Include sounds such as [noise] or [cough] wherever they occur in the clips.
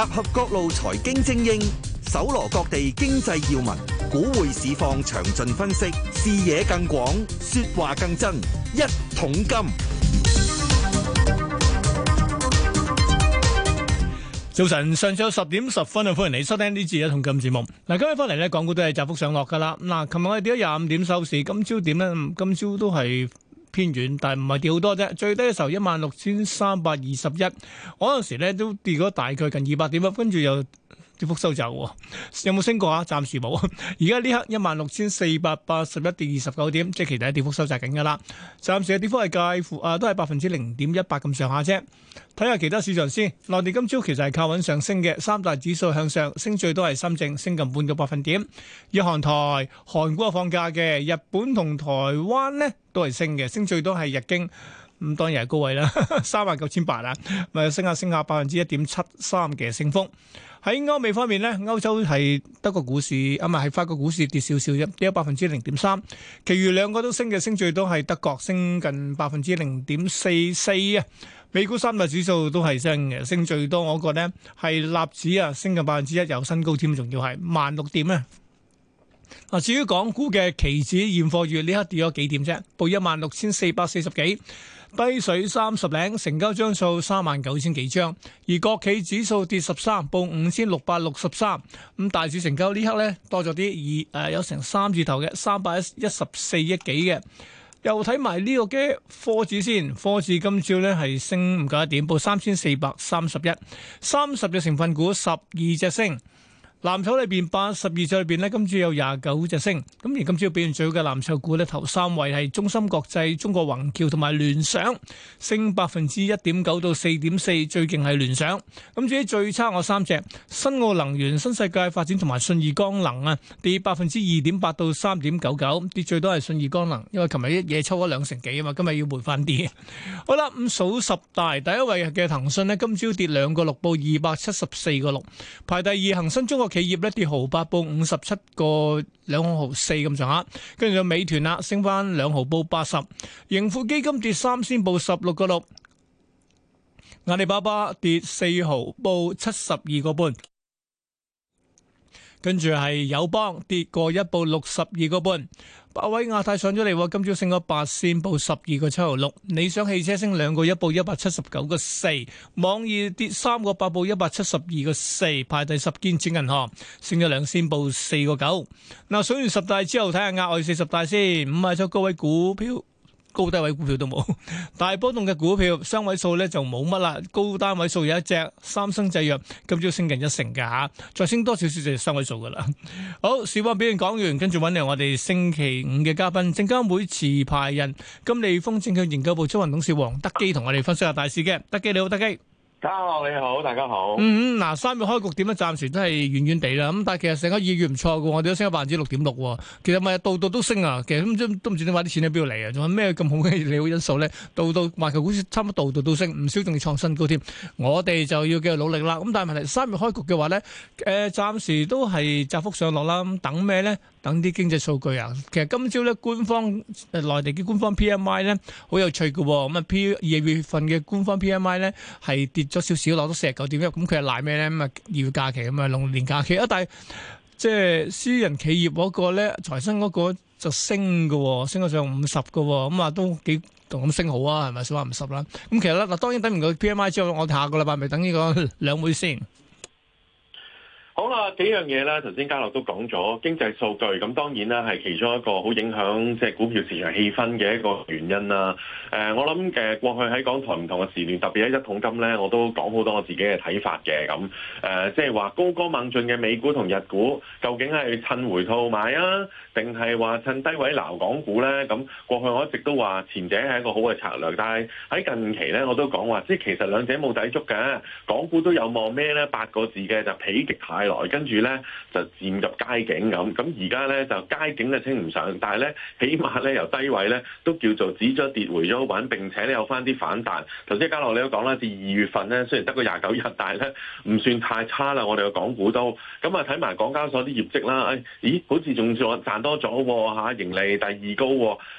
集合各路財經精英，搜羅各地經濟要聞，股匯市況詳盡分析，視野更廣，說話更真。一桶金早晨，上晝十點十分啊，歡迎你收聽呢次一桶金節目。嗱，今日翻嚟咧，港股都係窄幅上落噶啦。嗱，琴日我哋跌咗廿五點收市，今朝點咧？今朝都係。偏遠，但係唔係掉好多啫。最低嘅時候一萬六千三百二十一，嗰陣時咧都跌咗大概近二百點啦。跟住又。跌幅收窄喎，有冇升過啊？暫時冇。而家呢刻一萬六千四百八十一點二十九點，即係其實係跌幅收窄緊㗎啦。暫時嘅跌幅係介乎啊，都係百分之零點一八咁上下啫。睇下其他市場先。內地今朝其實係靠穩上升嘅，三大指數向上，升最多係深證，升近半個百分點。日韓台韓國放假嘅，日本同台灣咧都係升嘅，升最多係日經。咁當然係高位啦，三萬九千八啊，咪升下升下，百分之一點七三嘅升幅。喺歐美方面咧，歐洲係德國股市啊，咪係法國股市跌少少啫，跌咗百分之零點三。其餘兩個都升嘅，升最多係德國升近百分之零點四四啊。美股三大指數都係升嘅，升最多我覺咧係納指啊，升近百分之一，有新高添，仲要係萬六點啊。嗱，至於港股嘅期指現貨月呢刻跌咗幾點啫？報一萬六千四百四十幾。低水三十零，成交張數三萬九千幾張，而國企指數跌十三，報五千六百六十三。咁大市成交呢刻呢多咗啲，二誒有成三字頭嘅三百一十四億幾嘅。又睇埋呢個嘅科指先，科指今朝呢係升唔夠一點，報三千四百三十一，三十隻成分股十二隻升。藍籌裏邊八十二隻裏邊呢，今朝有廿九隻升。咁而今朝表現最好嘅藍籌股呢，頭三位係中芯國際、中國宏橋同埋聯想，升百分之一點九到四點四，最勁係聯想。咁至於最差我三隻，新奧能源、新世界發展同埋信義光能啊，跌百分之二點八到三點九九，跌最多係信義光能，因為琴日一夜抽咗兩成幾啊嘛，今日要回翻啲。好啦，咁數十大第一位嘅騰訊呢，今朝跌兩個六，報二百七十四個六，排第二恒生中國。企業咧跌毫八，報五十七個兩毫四咁上下。跟住就美團啦，升翻兩毫報八十。盈富基金跌三仙，報十六個六。阿里巴巴跌四毫報七十二個半。跟住係友邦跌過一報六十二個半。阿位亞太上咗嚟，今朝升咗八仙，報十二個七毫六。理想汽車升兩個一，報一百七十九個四。網易跌三個八，報一百七十二個四。排第十銀行，建設銀行升咗兩仙步4 .9，報四個九。嗱，數完十大之後，睇下額外四十大先。五位最高位股票。高低位股票都冇，大波動嘅股票雙位數咧，就冇乜啦。高單位數有一隻三生製藥，今朝升近一成噶吓，再升多少少就係雙位數噶啦。好，小波表現講完，跟住，揾嚟我哋星期五嘅嘉賓，證監會持牌人、金利豐證券研究部執行董事黃德幾，同我哋分析下大市嘅。德幾你好，德幾。家你好，大家好。嗯嗯，嗱，三月開局點咧？暫時都係遠遠地啦。咁但係其實成個二月唔錯嘅，我哋都升咗百分之六點六。其實咪度度都升啊。其實都唔知點解啲錢喺邊度嚟啊。仲有咩咁好嘅利好因素咧？度度環球股市差唔多度度都升，唔少仲要創新高添。我哋就要繼續努力啦。咁但係問題，三月開局嘅話咧，誒、呃，暫時都係窄幅上落啦。咁等咩咧？等啲經濟數據啊。其實今朝咧，官方內、呃、地嘅官方 P M I 咧，好有趣嘅、哦。咁啊，二月份嘅官方 P M I 咧係跌。咗少少攞到四十九點一，咁佢係賴咩咧？咁啊，二月假期，咁啊，龍年假期啊，但係即係私人企業嗰個咧，財新嗰個就升嘅、哦，升咗上五十喎。咁、嗯、啊都幾咁升好啊，係咪數下五十啦？咁其實咧，嗱當然等完個 P M I 之後，我哋下個禮拜咪等呢個兩會先。好啦，幾樣嘢呢？頭先嘉樂都講咗經濟數據，咁當然啦，係其中一個好影響即係、就是、股票市場氣氛嘅一個原因啦、啊呃。我諗誒過去喺港台唔同嘅時段，特別喺一桶金咧，我都講好多我自己嘅睇法嘅咁。即係話高歌猛進嘅美股同日股，究竟係趁回吐買啊，定係話趁低位撈港股咧？咁過去我一直都話前者係一個好嘅策略，但係喺近期咧，我都講話即係其實兩者冇抵觸嘅，港股都有望咩咧？八個字嘅就疲極太來跟住咧就漸入街景咁，咁而家咧就街景就稱唔上，但係咧起碼咧由低位咧都叫做止咗跌回咗穩，並且咧有翻啲反彈。頭先嘉樂你都講啦，至二月份咧雖然得個廿九日，但係咧唔算太差啦。我哋嘅港股都咁啊，睇埋港交所啲業績啦、哎。咦，好似仲做賺多咗吓，盈利第二高。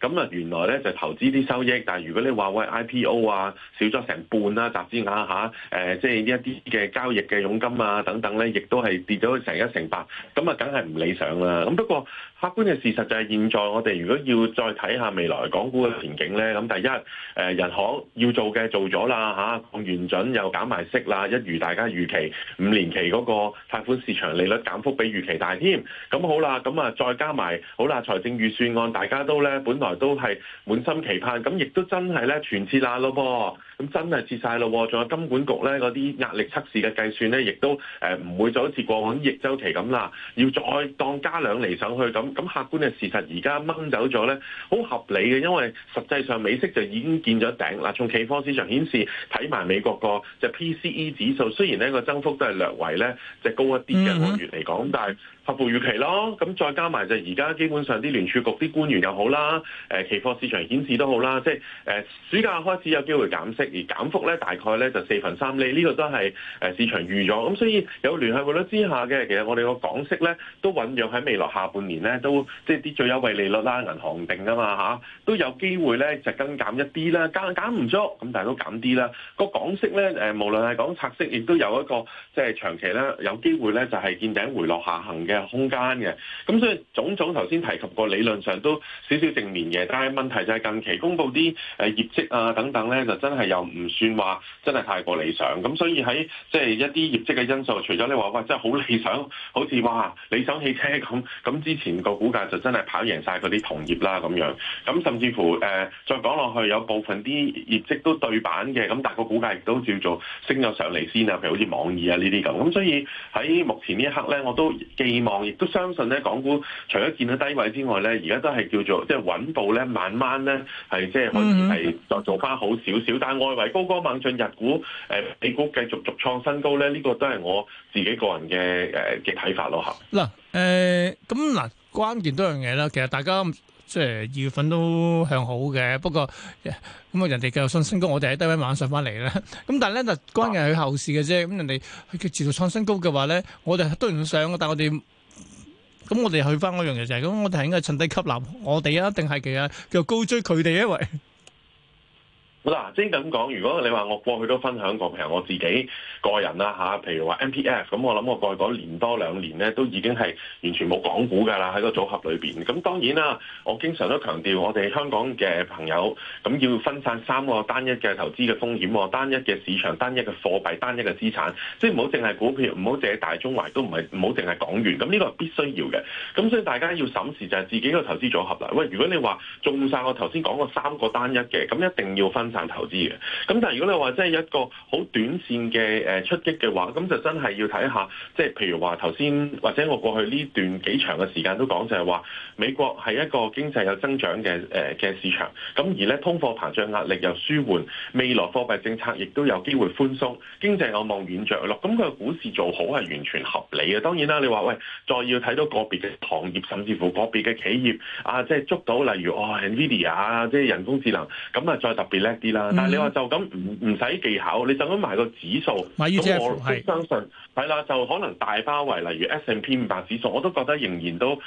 咁啊，原來咧就投資啲收益，但係如果你話喂 IPO 啊，少咗成半啦，集資額吓，誒、啊，即、呃、係、就是、一啲嘅交易嘅佣金啊等等咧，亦都係。跌咗成一成八，咁啊，梗係唔理想啦。咁不過客觀嘅事實就係，現在我哋如果要再睇下未來港股嘅前景咧，咁第一，誒人行要做嘅做咗啦，嚇降完準又減埋息啦，一如大家預期。五年期嗰個貸款市場利率減幅比預期大添。咁好啦，咁啊再加埋好啦，財政預算案大家都咧，本來都係滿心期盼，咁亦都真係咧全撤啦咯噃。咁真係撤曬咯，仲有金管局咧嗰啲壓力測試嘅計算咧，亦都誒唔會再過咁逆週期咁啦，要再當加兩厘上去咁咁，客觀嘅事實而家掹走咗咧，好合理嘅，因為實際上美息就已經見咗頂啦。從期貨市場顯示睇埋美國個就 PCE 指數，雖然呢個增幅都係略為咧即高一啲嘅個月嚟講，但係合乎預期咯。咁再加埋就而家基本上啲聯儲局啲官員又好啦，誒期貨市場顯示都好啦，即係誒暑假開始有機會減息，而減幅咧大概咧就四分三厘，呢、呢個都係誒市場預咗。咁所以有聯繫之下嘅，其實我哋個港息咧都醞釀喺未來下半年咧，都即係啲最優惠利率啦，銀行定㗎嘛吓，都有機會咧就更減一啲啦，減減唔足咁，但係都減啲啦。個港息咧誒，無論係講拆息，亦都有一個即係、就是、長期咧有機會咧就係、是、見頂回落下行嘅空間嘅。咁所以種種頭先提及過理論上都少少正面嘅，但係問題就係近期公佈啲誒業績啊等等咧，就真係又唔算話真係太過理想。咁所以喺即係一啲業績嘅因素，除咗你話喂。即係好理想，好似哇！理想汽車咁咁，之前個股價就真係跑贏晒嗰啲同業啦咁樣。咁甚至乎、呃、再講落去，有部分啲業績都對版嘅，咁但係個股價亦都叫做升咗上嚟先啊。譬如好似網易啊呢啲咁。咁所以喺目前呢一刻咧，我都寄望，亦都相信咧，港股除咗見到低位之外咧，而家都係叫做即係、就是、穩步咧，慢慢咧係即係可以係再做翻好少少。但係外圍高歌猛進，日股，誒、呃，美股繼續續創新高咧，呢、這個都係我自己個人嘅，誒，嘅睇法咯嚇，嗱，誒，咁，嗱關鍵多樣嘢啦，其實大家即係二月份都向好嘅，不過咁啊人哋繼續創新高，我哋喺低位慢慢上翻嚟咧。咁但係咧就關鍵係後市嘅啫。咁人哋持續創新高嘅話咧，我哋都唔想，但係我哋咁我哋去翻嗰樣嘢就係咁，我哋係應該趁低吸納我哋啊，定係其實叫高追佢哋啊？因為嗱，即係咁講，如果你話我過去都分享過，譬如我自己個人啦吓、啊，譬如話 MPF，咁我諗我過去嗰年多兩年咧，都已經係完全冇港股㗎啦，喺個組合裏面。咁當然啦，我經常都強調我哋香港嘅朋友，咁要分散三個單一嘅投資嘅風險，單一嘅市場、單一嘅貨幣、單一嘅資產，即係唔好淨係股票，唔好淨係大中華，都唔係唔好淨係港元。咁呢個係必須要嘅。咁所以大家要審視就係自己個投資組合啦。喂，如果你話中曬我頭先講過三個單一嘅，咁一定要分。投資嘅，咁但係如果你話真係一個好短線嘅誒出擊嘅話，咁就真係要睇下，即係譬如話頭先或者我過去呢段幾長嘅時間都講就係話，美國係一個經濟有增長嘅誒嘅市場，咁而咧通貨膨脹壓力又舒緩，未來貨幣政策亦都有機會寬鬆，經濟有望軟著陸，咁佢嘅股市做好係完全合理嘅。當然啦，你話喂，再要睇到個別嘅行業，甚至乎個別嘅企業啊，即係捉到例如哦 NVIDIA 啊，即係人工智能，咁啊再特別咧。啲、嗯、啦，但係你話就咁唔唔使技巧，你就咁買個指數，咁我都相信係啦。就可能大包圍，例如 S and P 五百指數，我都覺得仍然都誒，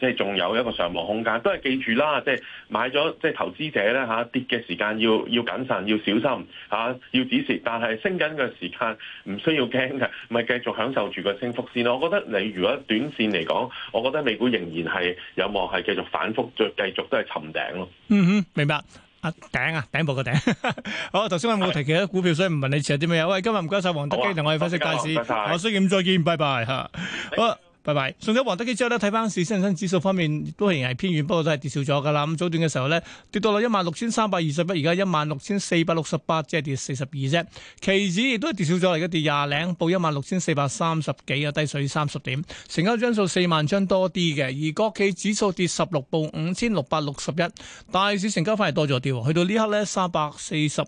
即係仲有一個上望空間。都係記住啦，即、就、係、是、買咗即係投資者咧，嚇跌嘅時間要要謹慎，要小心嚇，要止蝕。但係升緊嘅時間唔需要驚嘅，咪繼續享受住個升幅先咯。我覺得你如果短線嚟講，我覺得美股仍然係有望係繼續反覆再繼續都係尋頂咯。嗯哼，明白。啊頂啊頂部個頂， [laughs] 好，頭先我冇提及咧股票，所以唔問你持有啲咩嘢。喂，今日唔該晒黃德幾，同、啊、我哋分析、解市。我星期五再見。拜拜吓。 [laughs] 好。拜拜。上咗黃德幾之後咧，睇翻市升升指數方面都仍然係偏軟，不過都係跌少咗噶啦。咁早段嘅時候呢，跌到落一萬六千三百二十一，而家一萬六千四百六十八，即係跌四十二啫。期指亦都係跌少咗，而家跌廿零，報一萬六千四百三十幾啊，低水三十點。成交張數四萬張多啲嘅，而國企指數跌十六，報五千六百六十一。大市成交反而多咗啲，去到呢刻呢，三百四十。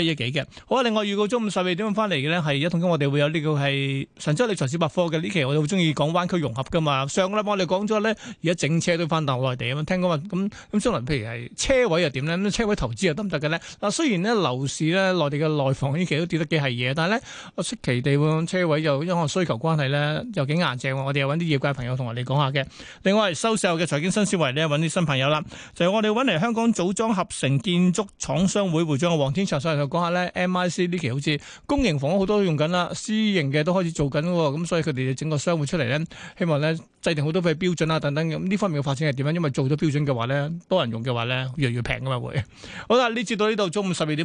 一億幾嘅，好啊！另外預告中午十二點翻嚟嘅呢係一通鐘，我哋會有呢個係神州理財小百科嘅呢期，我哋好中意講灣區融合嘅嘛。上個禮拜我哋講咗呢，而家整車都翻到內地啊嘛，聽講話咁咁，將來譬如係車位又點呢？咁車位投資又得唔得嘅呢？嗱，雖然呢，樓市呢內地嘅內房呢期都跌得幾係嘢，但係呢，息期地盤車位又因為需求關係呢，又幾硬淨。我哋又揾啲業界朋友同我哋講下嘅。另外收市後嘅財經新思維呢，揾啲新朋友啦，就係、是、我哋揾嚟香港組裝合成建築廠商會會長黃天祥。講下咧，MIC 呢期好似公營房屋好多都用緊啦，私營嘅都開始做緊、哦，咁所以佢哋整個商戶出嚟咧，希望咧制定好多嘅標準啦，等等咁呢方面嘅發展係點樣？因為做咗標準嘅話咧，多人用嘅話咧，越嚟越平噶嘛會。好啦，呢節到呢度中午十二點半。